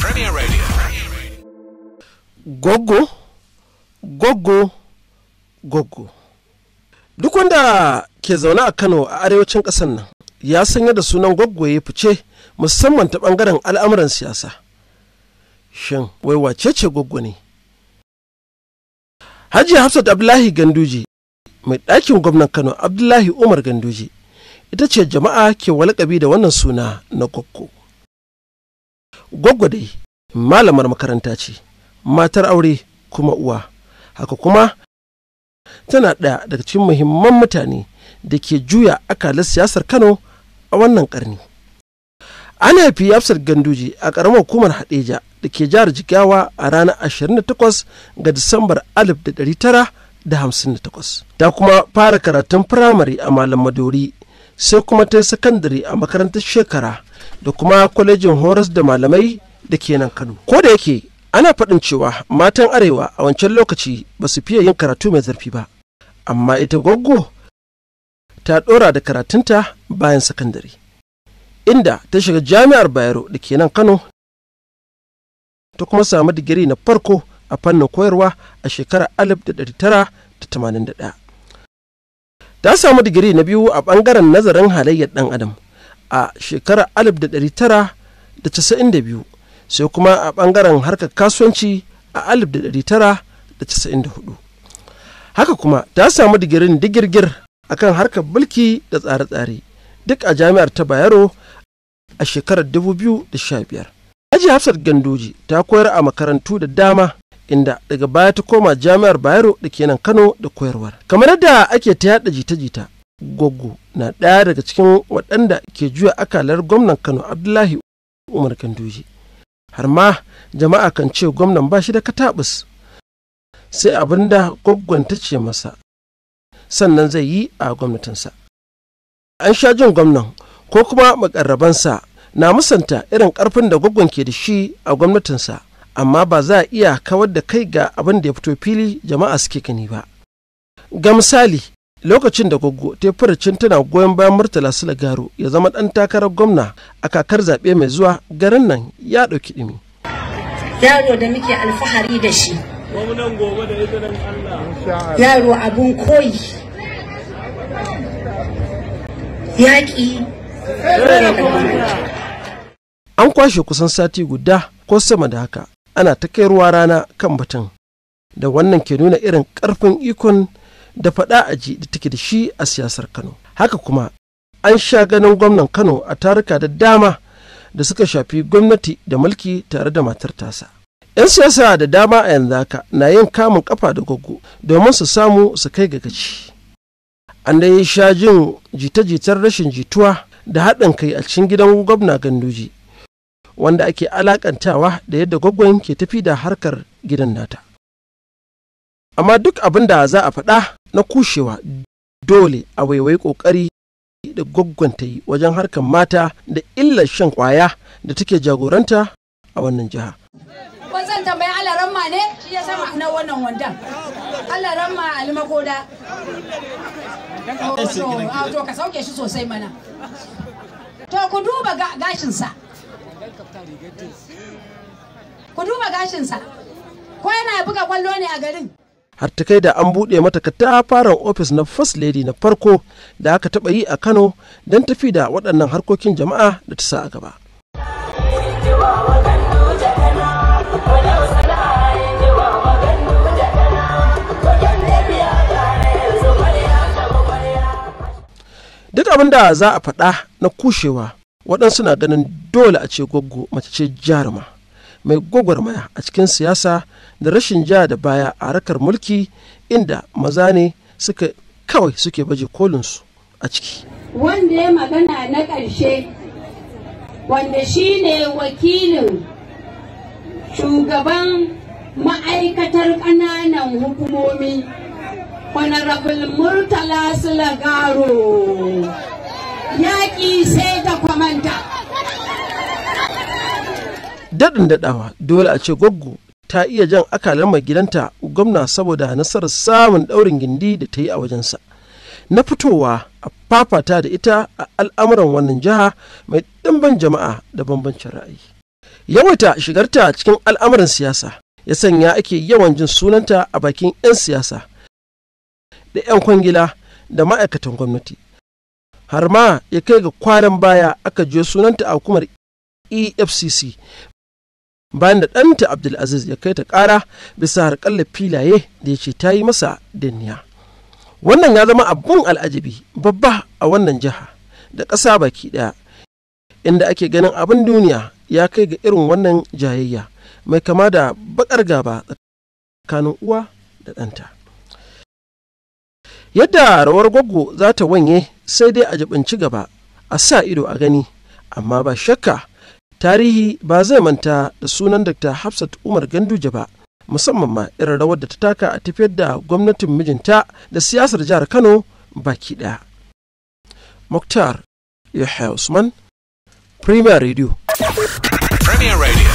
Premier Radio. Gogo, gogo, gogo. Duk wanda ke zaune a Kano a arewacin ƙasar nan ya san da sunan gogo ya fice musamman ta ɓangaren al'amuran siyasa. Shin, wai wace ce goggo ne? Hajiya Hafsat Abdullahi Ganduji, mai ɗakin gwamnan Kano Abdullahi Umar Ganduji, ita ce jama'a ke walƙabi da wannan suna na goggo. Gwaggwade, malamar makaranta ce, matar aure kuma uwa. Haka kuma tana ɗaya daga cikin muhimman mutane da ke juya akalar siyasar Kano a wannan ƙarni. An haifi Yafsar Ganduji a ƙaramar hukumar Hadeja da ke jihar Jigawa a ranar 28 ga Disambar 1958. Ta kuma fara karatun firamare a Malam Madori sai kuma ta yi sakandare a makarantar shekara da kuma kwalejin horas da malamai da ke nan kano ko da yake ana faɗin cewa matan arewa a wancan lokaci ba su fiye yin karatu mai zarfi ba amma ita goggo ta ɗora da karatunta bayan sakandare inda ta shiga jami'ar bayero da ke nan kano ta kuma samu digiri na farko a fannin koyarwa a shekarar ɗaya. ta samu digiri na biyu a ɓangaren nazarin halayyar ɗan adam a shekarar da tara biyu, sai kuma a ɓangaren harkar kasuwanci a da hudu. haka kuma ta samu digirin digirgir a kan harkar bulki da tsare-tsare duk a jami'ar ta bayero a shekarar da sha biyar. aji hafsat gandoji ta koyar a makarantu da dama inda daga baya ta koma jami'ar bayero da kenan kano da koyarwar kamar yadda ake ta yada jita-jita Goggo na ɗaya daga cikin waɗanda ke juya akalar gwamnan Kano Abdullahi Umar Kanduji. Har ma jama'a kan ce gwamnan ba shi da katabus. Sai abin da gwaggon ta ce masa, sannan zai yi a gwamnatinsa. An sha jin gwamnan ko kuma makarrabansa na musanta irin ƙarfin da gwaggon ke da shi a gwamnatinsa, amma ba za a iya kawar da kai ga abin da ya fito fili jama'a suke gani ba. Ga misali, lokacin da goggo ta furucin tana goyon bayan murtala sulagaro ya zama ɗan takarar gwamna a kakar zaɓe mai zuwa garin nan ya ɗauki ɗimi. yaro da muke alfahari da shi yaro abun koyi yaƙi an kwashe kusan sati guda ko sama da haka ana ta kai ruwa rana kan batun da wannan ke nuna irin ƙarfin ikon da faɗa a ji da take da shi a siyasar kano haka kuma an sha ganin gwamnan kano a taruka da dama da suka shafi gwamnati da mulki tare da matar tasa 'yan siyasa da dama a yanzu haka na yin kamun kafa da gwaggo domin su samu su kai ga gaci an dai sha jin jita-jitar rashin jituwa da haɗin kai a cikin gidan gwamna ganduji wanda ake alaƙantawa da yadda gwaggon ke tafi da harkar gidan nata amma duk abin da za a faɗa na kushewa dole a waiwayi kokari da gwaggwanta yi wajen harkar mata da illar shan kwaya da take jagoranta a wannan jiha. Kun zan tambayi alaramma ne shi ya sama na wannan wandan. Alaramma almakoda. To ka sauke shi sosai mana. To ku duba gashinsa. Ku duba gashinsa. Ko yana buga kwallo ne a garin? har ta kai da an buɗe mata katafaren ofis na first lady na farko da aka taɓa yi a kano don tafi da waɗannan harkokin jama'a da ta sa a gaba. duk abin da za a faɗa na kushewa waɗansu na ganin dole a ce goggo mace ce jaruma mai gwagwarmaya a cikin siyasa da rashin ja da baya a harkar mulki inda maza ne suka kawai suke baje kolinsu a ciki wanda ya magana na ƙarshe wanda shi ne wakilin shugaban ma'aikatar ƙananan hukumomi honorable murtala sulagaro yaƙi sai da daɗin daɗawa dole a ce Goggo ta iya jan akalar mai gidanta gwamna saboda nasarar samun ɗaurin gindi da ta yi a wajensa na fitowa a fafata da ita a al'amuran wannan jiha mai ɗimban jama'a da bambancin ra'ayi yawaita shigarta cikin al'amuran siyasa ya sanya ake yawan jin sunanta a bakin 'yan siyasa da 'yan kwangila da ma'aikatan gwamnati har ma ya kai ga kwanan baya aka je sunanta a hukumar efcc bayan da ɗanta abdulaziz ya kai ta ƙara bisa harƙalla filaye da ya ce ta yi masa danniya wannan ya zama abin al'ajabi babba a wannan jiha da ƙasa baki ɗaya inda ake ganin abin duniya ya kai ga irin wannan jayayya mai kama da baƙar gaba tsakanin uwa da ɗanta yadda rawar gwaggo za ta wanye sai dai a jibinci gaba a sa ido a gani amma ba shakka Tarihi ba zai manta da sunan Dr. Hafsat Umar Ganduje ba, musamman ma irin rawar da ta taka a tafiyar da gwamnatin mijinta da siyasar jihar Kano baki ɗaya. Muktar Yahya Usman, Premier Radio. Premier Radio.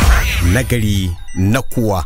Nagari na kuwa.